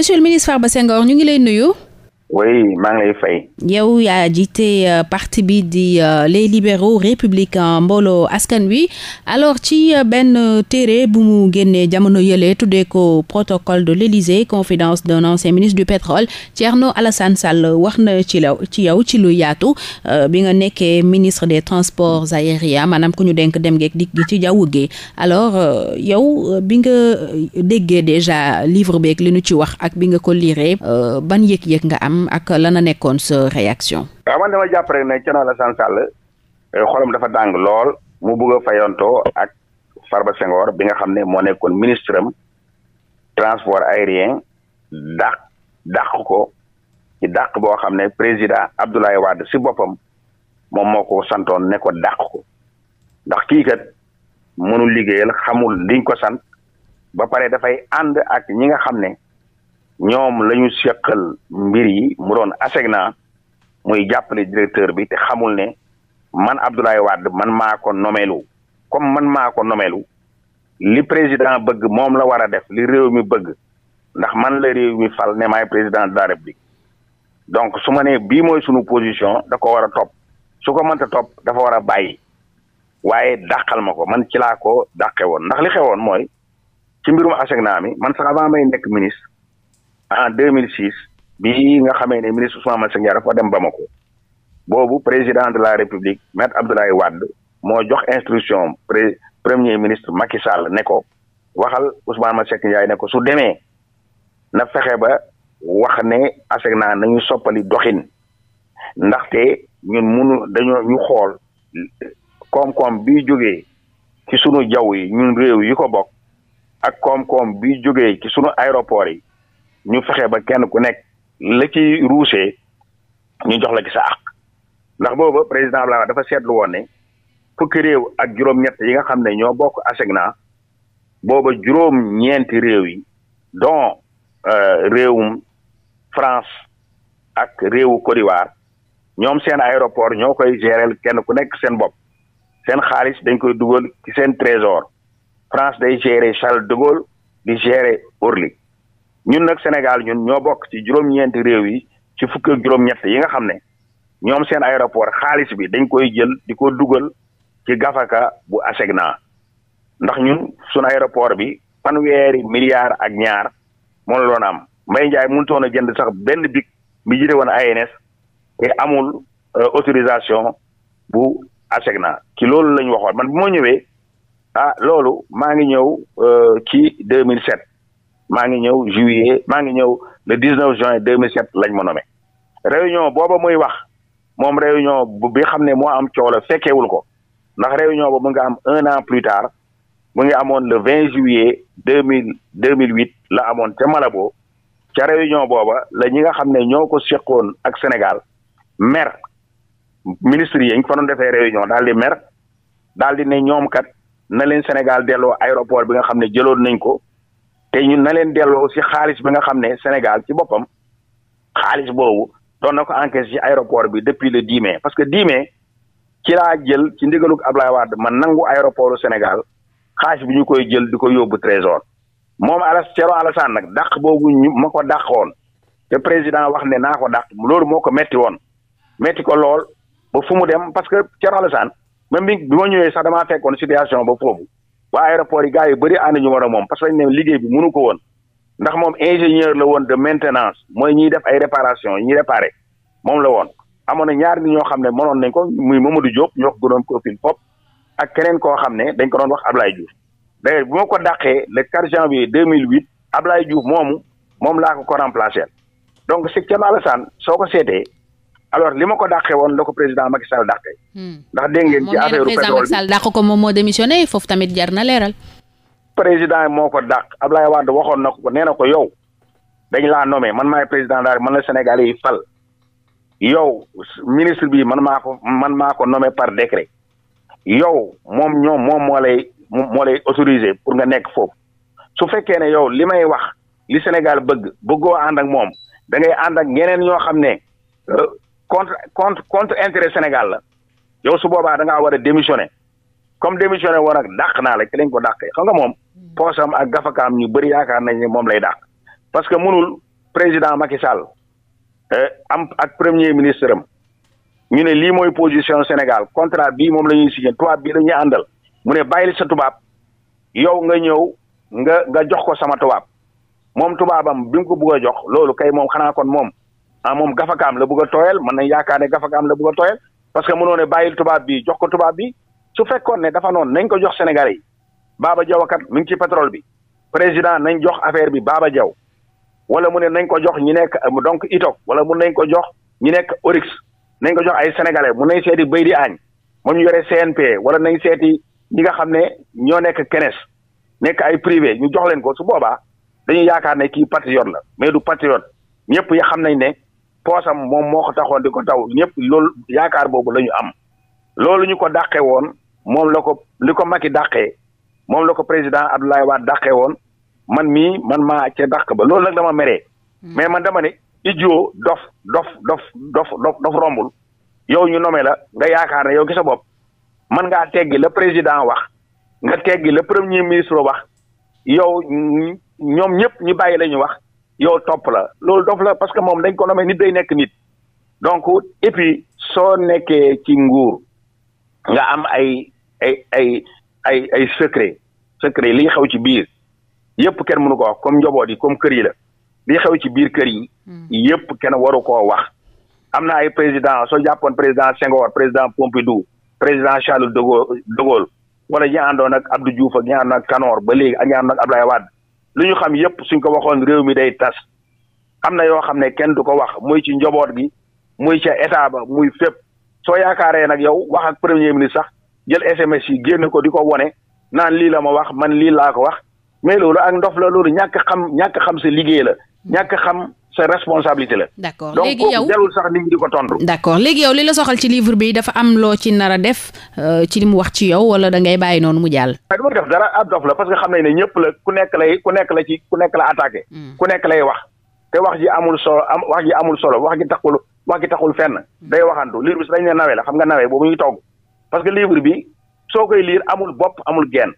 monsieur le ministre Farba Senghor ñu ngi lay nuyu. oui maa ngi lay fay. yow yaa jiite euh, parti bi di uh, les libéraux républicains mbooloo askan wi alors ci euh, benn téere bu mu génnee jamono yële tuddee ko protocole de l'Élysée confidence d'un ancien ministre du pétrole Thierno Alassane Sall wax na ci law ci yow ci lu yaatu euh, bi nga nekkee ministre des transports aériens maanaam ku ñu denk dem geek dikk gi ci jaww gi alors yow bi nga déggee déjà livre beeg li nu ci wax ak bi nga ko liiree ban yëg-yëg nga am. am ak lan a nekkoon sa réaction. waaw man dama jàpp rek ne Thierno Alassane Sall eh, xolam dafa dàng lool mu bëgg a fayantoo ak Farba Senghor bi nga xam ne moo nekkoon ministre am transport aérien dàq dàq ko ci dàq boo xam ne président Abdoulaye Wade si boppam moom moo ko santoon ne ko dàq ko ndax kii kat mënul liggéeyal xamul liñ ko sant ba pare dafay ànd ak ñi nga xam ne. ñoom la ñu seqal mbir yi mu doon ASECNA muy jàppale directeur bi te xamul ne man Abdoulaye Wade man maa ko nomelu comme man maa ko nomelu li président bëgg moom la war a def li réew mi bëgg ndax man la réew mi fal ne maay président de la république donc su ma nee bii mooy sunu position da ko war a topp su ko mënta topp dafa war a bàyyi waaye dàqal ma ko man ci laa ko dàqe woon ndax li xewoon mooy ci mbirum ASECNA mi man sax avant may nekk ministre en 2006 bi nga xamee ne ministre Ousmane Masseck Ndiaye dafa dem Bamako boobu président de la république maître Abdoulaye Wade moo jox instruction pré premier ministre Macky Sall ne ko waxal Ousmane Masseck Ndiaye ne ko su demee na fexe ba wax ne ASECNA nañu soppali doxin ndaxte ñun munu dañoo ñu xool koom-koom bi jógee ci sunu jaww yi ñun réew yi ko bokk ak koom-koom bi jógee ci sunu aéroport yi ñu fexe ba kenn ku nekk la ci ruusee ñu jox la ci sa àq ndax booba président Abdoulaye dafa seetlu woon ne fukki réew ak juróom-ñett yi nga xam ne ñoo bokk ASECNA booba juróom-ñeenti réew yi don euh, réewum France ak réewu Côte d'Ivoire ñoom seen aéroport ñoo koy gérer kenn ku nekk seen bopp seen xaalis dañ koy dugal ki seen trésor France day gérer Charles de Gaulle di gérer Orly ñun nag Sénégal ñun ñoo bokk ci juróom-ñeenti réew yi ci fukk ak juróom-ñett yi nga xam ne ñoom seen aéroport xaalis bi dañ koy jël di ko dugal ci gafaka bu Asegna ndax ñun suñu aéroport bi fanweeri milliards ak ñaar moo loon am Mbaye Ndiaye mënutoon a jënd sax benn bic bi jite woon ANS te amul euh, autorisation bu Asegna ci loolu la ñu waxoon man bu moo ñëwee ah loolu maa ngi ñëw euh, ci 2007. maa ngi ñëw juillet maa ngi ñëw le 19 juin 2007 lañ ma nommé réunion booba muy wax moom réunion bi xam ne moo am coow la fekkeewul ko ndax réunion bo mu nga am un an plus tard mu ngi amoon le vingt juillet 2000 2008 la amoon ca Malabo ca réunion booba la ñi nga xam ne ñoo ko seqoon ak Sénégal mer ministre yi ñu fa defee réunion daal di mer daal di ne ñoom kat na leen Sénégal delloo aéroport bi nga xam ne jëloon nañ ko. te ñu na leen delloo si xaalis bi nga xam ne Sénégal ci boppam xaalis boobu doon na ko encaissé ci aéroport bi depuis le 10 parce que 10 ci la jël ci ndigalug Ablaye Wade man nangu aéroportu Sénégal xaalis bu ñu koy jël di ko yóbbu trésor moom alas Thierno Alassane nag dàq boobu ñu ma ko dàqoon te président wax ne naa ko dàq loolu moo ko métti woon metti ko lool ba fu mu dem parce que Thierno Alassane même bi bi ma ñëwee sax damaa fekkoon situation ba foofu. waa aéroport yi gars yi bëri ànd ñu war moom parce que dañ ne liggéey bi mënu ko woon ndax moom ingénieur la woon de maintenance mooy ñiy def ay réparation ñi réparé moom la woon amoon na ñaar nit ñoo xam ne moon nañ ko muy Mamadou Diop ñoo ko doon profil pop ak keneen koo xam ne dañ ko doon wax Ablaye Diouf d'ailleurs bu ma ko dàqee le 4 janvier 2008 Ablaye Diouf moomu moom laa ko ko remplacé donc si Thierno Alassane soo ko seetee alors li ma ko dàqee woon la ko président Macky Sall dàqee. Hmm. ndax dégg ngeen ci affaire pétrole moom président Macky Sall dàq ko tamit jar na leeral. président moo ko dàq Ablaye Wade waxoon na ko nee na ko yow dañ laa nommé man maay président daal man la Sénégalais yi fal yow ministre bi man maa ko man maa ko nommé par décret yow moom ñoom moom moo lay autorisé pour nga nekk foofu su fekkee ne yow li may wax li Sénégal bëgg bëggoo ànd ak moom da ngay ànd ak ñeneen ñoo xam ne. Euh, contre contre contre intérêt Sénégal la yow su boobaa da war a démissionné comme démissionné woon ak dàq naa la ci lañ ko dàqee xam nga moom hmm. poosam ak gafakaam ñu bëri yaakaar nañ ne moom lay dàq parce que mënul président Macky Sall eh, am ak premier ministre am ñu ne lii mooy position Sénégal contrat bii moom la ñuy signé tubaab bii dañuy àndal mu ne bàyyil sa tubaab yow nga ñëw nga nga jox ko sama tubaab moom tubaabam bi mu ko bëgg a jox loolu kay moom xanaa kon moom ah moom gafakaam la bëgg a tooyal mën nañ yaakaar ne gafakaam la bëgg a tooyal parce que mënoo ne bàyyil tubaab bi jox ko tubaab bi su fekkoon ne dafa noonu nañ ko jox Sénégalais baaba Baba mi ngi ci pétrole bi président nañ jox affaire bi Baba Diaw wala mu ne nañ ko jox ñi nekk euh, donc itok wala mun nañ ko jox ñi nekk Orix nañ ko jox ay sénégalais mun nañ seeti béy di aañ mu ñu yore CNP wala nañ seeti ñi nga xam ne ñoo nekk kenes nekk ay privé ñu jox leen ko su boobaa dañuy yaakaar ne kii patriote la mais du patriote ñëpp yi xam nañ ne. poosam moom moo ko taxoon ko taw ñëpp loolu yaakaar boobu la ñu am loolu ñu ko dàqee woon moom la ko li ko Macky dàqee moom la ko président Abdoulaye Wade dàqee woon man mii man maa ca daq ba loolu nag dama meree hmm. mais man dama ne idiot dof dof dof dof dof dof rombul yow ñu nomee la nga yaakaar ne yow gis sa bopp man ngaa teggi la président wax nga teggi la premier ministre wax yow ñoom ñëpp ñu bàyyi la ñu wax yow topp la loolu dof la parce que moom dañ ko nommé nit day nekk nit donc et puis soo nekkee ci nguur nga am ay ay ay ay ay secret secret li xew ci biir yëpp kenn mënu ko wax comme njaboot yi comme kër yi la li xew ci biir kër yi hmm. yëpp kenn waru koo wax am na ay président soo jàppoon président Senghor président Pompidou président Charles de Gaulle de Gaulle wala ñi àndoon ak Abdou Diouf ak ñi àndoon ak Tanor ba léegi ak ñi àndoon lu ñu xam yépp suñ ko waxoon réew mi day tas am na yoo xam ne kenn du ko wax muy ci njaboot gi muy ca état ba muy fépp soo yaakaaree nag yow wax ak premier ministre sax jël SMS yi génn ko di ko wone naan lii la ma wax man lii laa ko wax mais loolu ak ndof la loolu ñàkk xam ñàkk xam sa liggéey la ñàkk xam sa responsabilité la. d'accord léegi yow sax nit ñi di yow li la soxal ci livre bi dafa am loo ci nar a def euh, ci li mu wax ci yow wala dangay bàyyi noonu mu jàll. mais du def dara ab dof la parce que xam nañ ne ñëpp la ku nekk lay ku nekk la ci ku nekk la hmm. ku nekk lay wax te wax ji amul solo am wax ji amul solo wax ji taxul wax ji taxul fenn hmm. day waxantu livre bi dañ ne la xam nga nawe boobu ñuy togg parce que livre bi soo koy liir amul bopp amul genn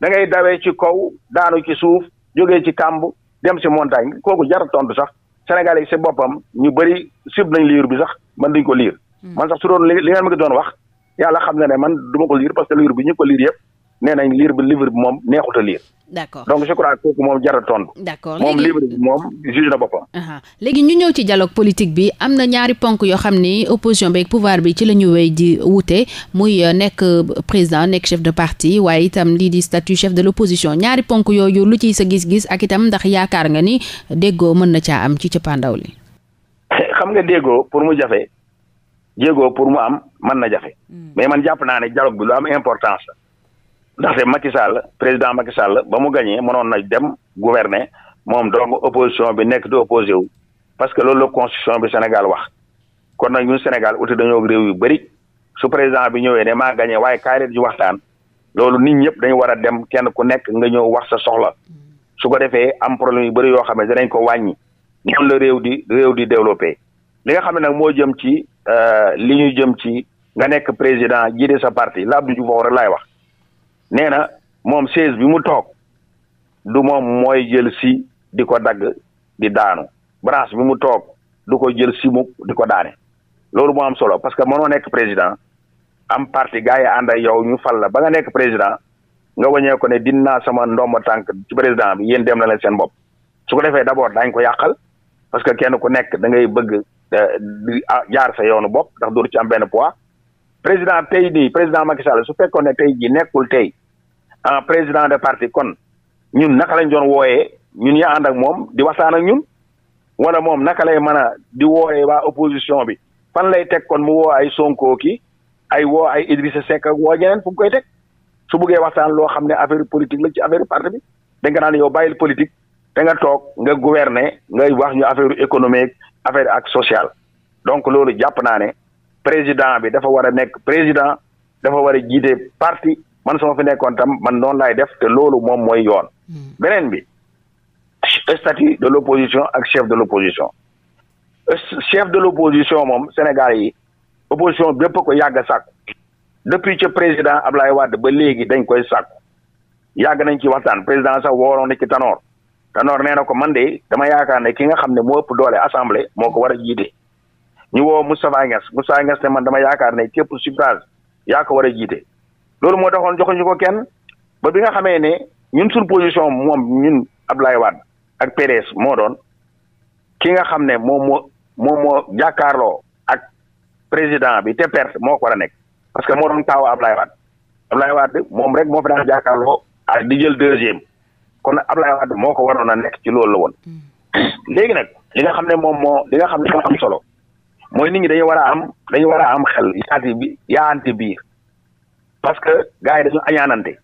da ngay dawee ci kaw daanu ci suuf jógee ci kàmb dem si montagne kooku jar tontu sax. sénégal yi si boppam ñu bëri sib nañ liir bi sax man duñ ko liir. Hmm. man sax su doon li ngeen ma doon wax yàlla xam na ne man du ma ko liir parce que liir bi ñu ko liir yëpp nee nañ liir bi livre bi moom neexut a liir. d' accord donc je crois kooku moom jar a tontu. d' accord moom libre bi moom juge na boppam. léegi ñu ñëw ci dialogue politique bi am na ñaari ponk yoo xam ni opposition beeg pouvoir bi ci la ñu wéy di wute muy euh, nekk euh, président nekk chef de parti waaye itam lii di statut chef de l' opposition ñaari ponk yooyu lu ci sa gis-gis ak itam ndax yaakaar nga ni déggoo mën na caa am ci cëppaandaw li. xam nga déggoo pour mu jafe déggoo pour mu am mën na jafe. Hmm. mais man jàpp naa ne dialogue bi lu am importance la ndaxte Macky Sall président Macky Sall ba mu gañee mënoon na dem gouverner moom donc opposition bi nekk di opposé parce que loolu la constitution bi Sénégal wax kon nag ñun Sénégal uti dañoo réew yu bëri su président bi ñëwee ne maa gañee waaye kaay rek ju waxtaan loolu nit ñëpp dañu war a dem kenn ku nekk nga ñëw wax sa soxla su ko defee am problème yu bëri yoo xam ne danañ ko wàññi noonu la réew di réew di développé li nga xam nag moo jëm ci euh, li ñu jëm ci nga nekk président jiite sa parti la Abdou nee na moom chaise bi mu toog du moom mooy jël si di ko dagg di daanu branche bi mu toog du ko jël si mukk di ko daane loolu moo am solo parce que mënoo nekk président am parti gars yi ànd ak yow ñu fal la ba nga nekk président nga wañee ko ne dinaa sama ndomba tànk ci président bi yéen dem na leen seen bopp su ko defee d' abord daañ ko yàqal parce que kenn ku nekk da ngay bëgg eh, ah, jaar sa yoonu bopp ndax dootu ci am benn pois président tey nii président Macky Sall su fekkoon ne tey ji nekkul tey en président de parti kon ñun naka lañ doon wooyee ñun ya ànd ak moom di waxtaan ak ñun wala moom naka lay mën a di wooyee waa opposition bi fan lay teg kon mu woo ay Sonko ki ay woo ay Idrissa Seck ak woo ñeneen fu koy teg su buggee waxtaan loo xam ne affaire politique la ci affaire parti bi da naan yow bayil politique te nga toog nga gouverner ngay wax ñu affaire économique affaire ak sociale donc loolu jàpp naa ne président bi dafa war a nekk président dafa war a jiite man sama fi nekkoon tam man noonu laay def te loolu moom mooy yoon. Hmm. beneen bi statut de l'opposition ak chef de l'opposition chef de l'opposition moom Sénégal yi opposition bépp ko yàgg a sàkku depuis ca président Ablaye Wade ba léegi dañ koy sàkku yàgg nañ ci waxtaan président sax wooroon na ci Tanor Tanor nee na ko man de dama yaakaar ne ki nga xam ne moo ëpp doole assemblée moo ko war a jiite ñu woo Moustapha Niass Moustapha Niass ne man dama yaakaar ne képp war a jiite loolu moo taxoon joxuñu ko kenn ba bi nga xamee ne ñun suñ position moom ñun Abdoulaye Wade ak PDS moo doon ki nga xam ne moom moo moom moo jàkkaarloo ak président bi te perte moo ko war a nekk parce que moo doon taaw Abdoulaye Wade Abdoulaye Wade moom rek moo fi jàkkaarloo ak di jël deuxième kon Abdoulaye Wade moo ko waroon a nekk ci loolu la woon hmm. léegi nag li nga xam ne moom moo li nga xam ne moo am solo mooy nit ñi dañu war a am dañu war a am xel yaati bi yaante biir parce que gars yi dañu añaanante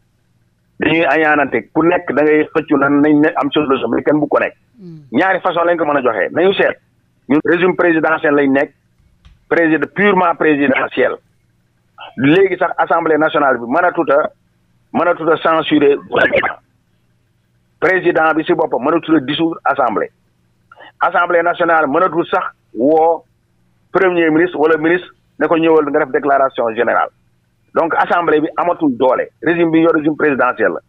dañuy añaanante ku nekk da ngay xëccu nan nañ ne am solution solution mais kenn bu ko nekk mm. ñaari façon lañ ko mën a joxee nañu seet ñun président présidentiel lañ nekk président purement présidentiel léegi sax assemblée nationale bi mënatut a mënatut a censurer président bi si boppam mënatut a dissoudre assemblée assemblée nationale mënatul sax woo premier ministre wala ministre nekko ko ñëwal nga def déclaration général donc assemblée bi amatul doole régime bi yor régime présidentiel la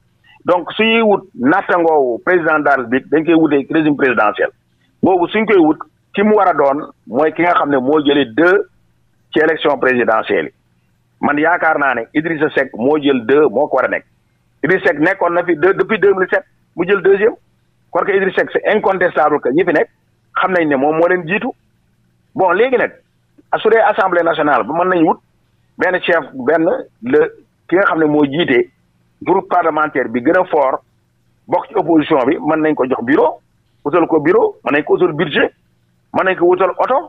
donc suñuy wut nattangoowu président de la République dañ koy wutee régime présidentiel boobu suñ koy wut ki mu war a doon mooy ki nga xam ne moo jëlee deux ci élection présidentielle man yaakaar naa ne Idrissa Seck moo jël deux moo ko war a nekk Idrissa Seck nekkoon na fi deux depuis deux mille sept mu jël deuxième parce que Idrissa Seck c'est incontestable ka ñi fi nekk xam nañ ne moom moo leen jiitu bon léegi nag su dee assemblée nationale mën nañ benn chef benn le ki nga xam ne moo jiite groupe parlementaire bi gën a foor bokk ci opposition bi mën nañ ko jox bureau wutal ko bureau mën nañ ko wutal budget mën nañ ko wutal oto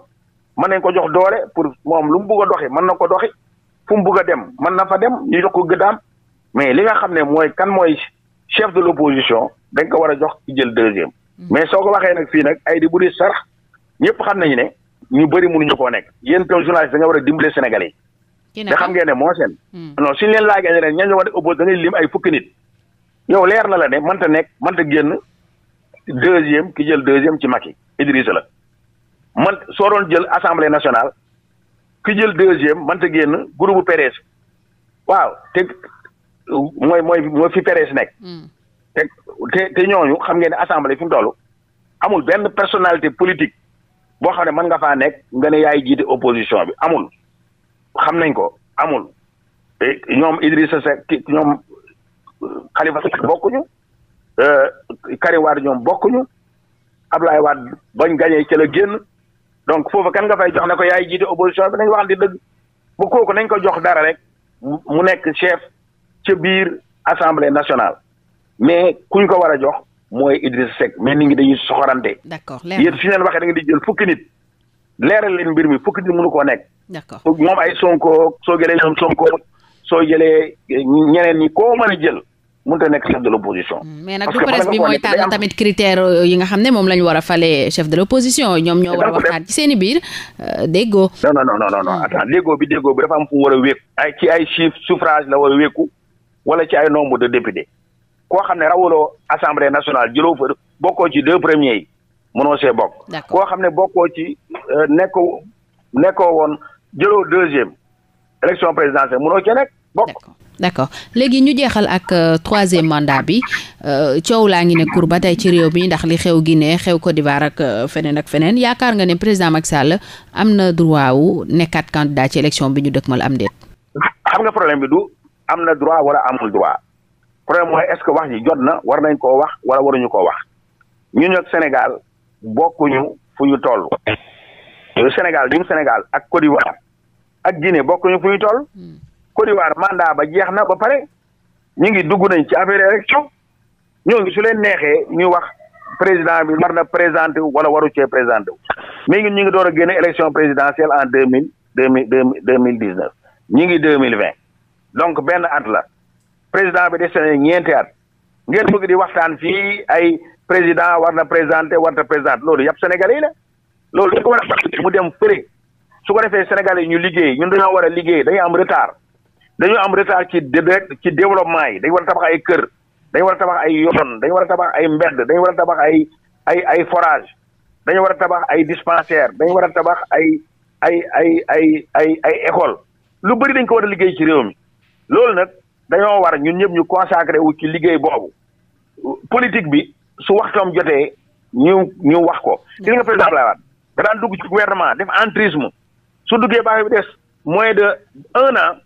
mën nañ ko jox doole pour moom lu mu bugg a doxi mën na ko doxi fu mu bugg dem mën na fa dem ñu jox ko gëddaam mais li nga xam ne mooy kan mooy chef de l' opposition dañ ko war a jox ci jël deuxième hmm. mais soo ko waxee nag fii nag ay di buri sarax ñëpp xam nañu ne ñu bëri mënuñu koo nekk yéen tam journaliste da nga war a dimbale Sénégalais yi da xam ngeen ne moo seen hmm. non si leen laajee ne leen ñan a oppose ay fukki nit yow leer na la ne mënta nekk mënta génn deuxième ki jël deuxième ci Macky Idrissa la man soo doon jël assemblée nationale ki jël deuxième mënta génn groupe PDS waaw te mooy mooy mooy fi PDS nekk hmm. te ñooñu xam ngeen ne assemblée fi mu toll amul benn personnalité politique boo xam ne mën nga faa nekk nga ne yaay jiite opposition bi amul xam nañ ko amul eh, ñoom Idrissa Seck ñoom Khalifa Seck bokkuñu eh, Karim Wade ñoom bokkuñu Ablaye Wade bañ gañee ca génn donc foofu kan nga fay jox ne ko yaay jiite opposition bi nañ wax di dëgg bu kooku nañ ko jox dara rek mu nekk chef ca biir assemblée nationale mais kuñ ko war a jox mooy Idrissa Seck mais nit ngi dañuy soxorante. d'accord yéen su ñu leen waxee jël fukki nit. leeral leen mbir mi fukki nit mënu koo nekk. d'accord moom ay Sonko soo jëlee ñoom Sonko soo jëlee eh, ñeneen ñi koo mën a jël mënut a nekk chef de l'opposition. Hmm, mais nag du presse bi mooy tamit critères euh, yi nga xam ne moom la ñu war a falee chef de l'opposition ñoom ñoo eh, war a waxtaan ci seen i biir euh, déggoo. non non non non non hmm. déggoo bi déggoo bi dafa am fu mu war a ay ci ay chiffre la war a wékku wala ci ay nombre de députés koo xam ne rawaloo assemblée nationale jëloo fa bokkoo ci deux premiers yi. mënoo see bokk. koo xam ne bokkoo ci euh, nekkoo nekkoo woon jëloo deuxième élection présidentielle mënoo cee nekk bokk. d'accord léegi ñu jeexal ak euh, troisième mandat bi euh, coow laa ngi ne kur ba tey ci réew mi ndax li xew gi Guinée xew Côte d'Ivoire ak feneen ak feneen yaakaar nga ne président Macky Sall am na droit wu nekkaat candidat ci élection bi ñu dëkkmal am déet. xam nga problème bi du am na droit wala amul droit problème mooy est-ce que wax ji jot na war nañ koo wax wala waruñu koo wax ñun ak Sénégal bokkuñu fu ñu toll. yooyu Sénégal ñun Sénégal ak Côte d'Ivoire ak Guinée bokkuñu fu ñu toll. Hmm. Côte d'Ivoire mandat ba jeex na ba pare ñu ngi dugg nañ ci affaire ñoo ngi su leen neexee ñu wax président bi war na présenté wu wala waru cee présenté wu. mais ñun ñu ngi door a génne élection présidentielle en deux mille deux mille deux mille dix neuf ñu ngi deux mille vingt donc benn at la président bi des na ñeenti at ngeen bëgg di waxtaan fii ay. président war na présenté war na présenté loolu yàpp sénégalais yi la loolu dañ ko war a mu dem fële su ko defee sénégalais yi ñu liggéey ñun dañoo war a liggéey dañu am retard dañoo am retard ci ci développement yi dañu war a tabax ay kër dañu war a tabax ay yoon dañu war a tabax ay mbedd dañu war a tabax ay ay ay forage dañu war a tabax ay dispensaire dañu war a tabax ay ay ay ay ay ay école lu bëri dañ ko war a liggéey ci réew mi loolu nag dañoo war ñun ñëpp ñu consacré wu ci liggéey boobu politique bi su waxtam jotee ñu ñu wax ko. gis nga président Abdoulaye Wade nga dugg ci gouvernement def entrisme su duggee baax bi des moins de un an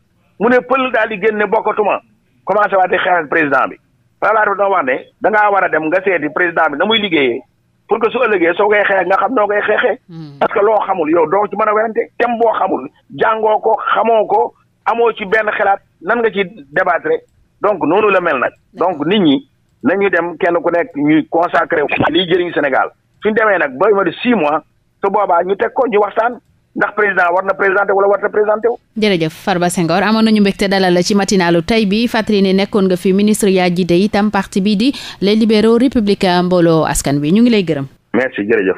mu ne pël daal di génne bokkatuma commencé waatee di ak président bi. Abdoulaye Wade dafa wax ne da ngaa war a dem nga seeti président bi na muy liggéeye pour que su ëllëgee soo koy xeex nga xam noo koy xeexee. Hmm. parce que loo xamul yow doo ci man a werante tem boo xamul jàngoo ko xamoo ko amoo ci benn xalaat nan nga ci débattre donc noonu la mel nag donc nit ñi. nañu dem kenn ku nekk ñuy consacré liy jëriñ Sénégal demee nag ba ma di six mois su boobaa ñu teg ko ñu waxtaan ndax président war na présenté wala war na jërëjëf wu. jërëjëf Farba Senghor amoon nañu mbégte dalal la ci matinalu tey bi fàttali ne nekkoon nga fi ministre ya yaa jiite itam parti bii di les libéraux républicains mbooloo askan wi ñu ngi lay gërëm. merci jërëjëf.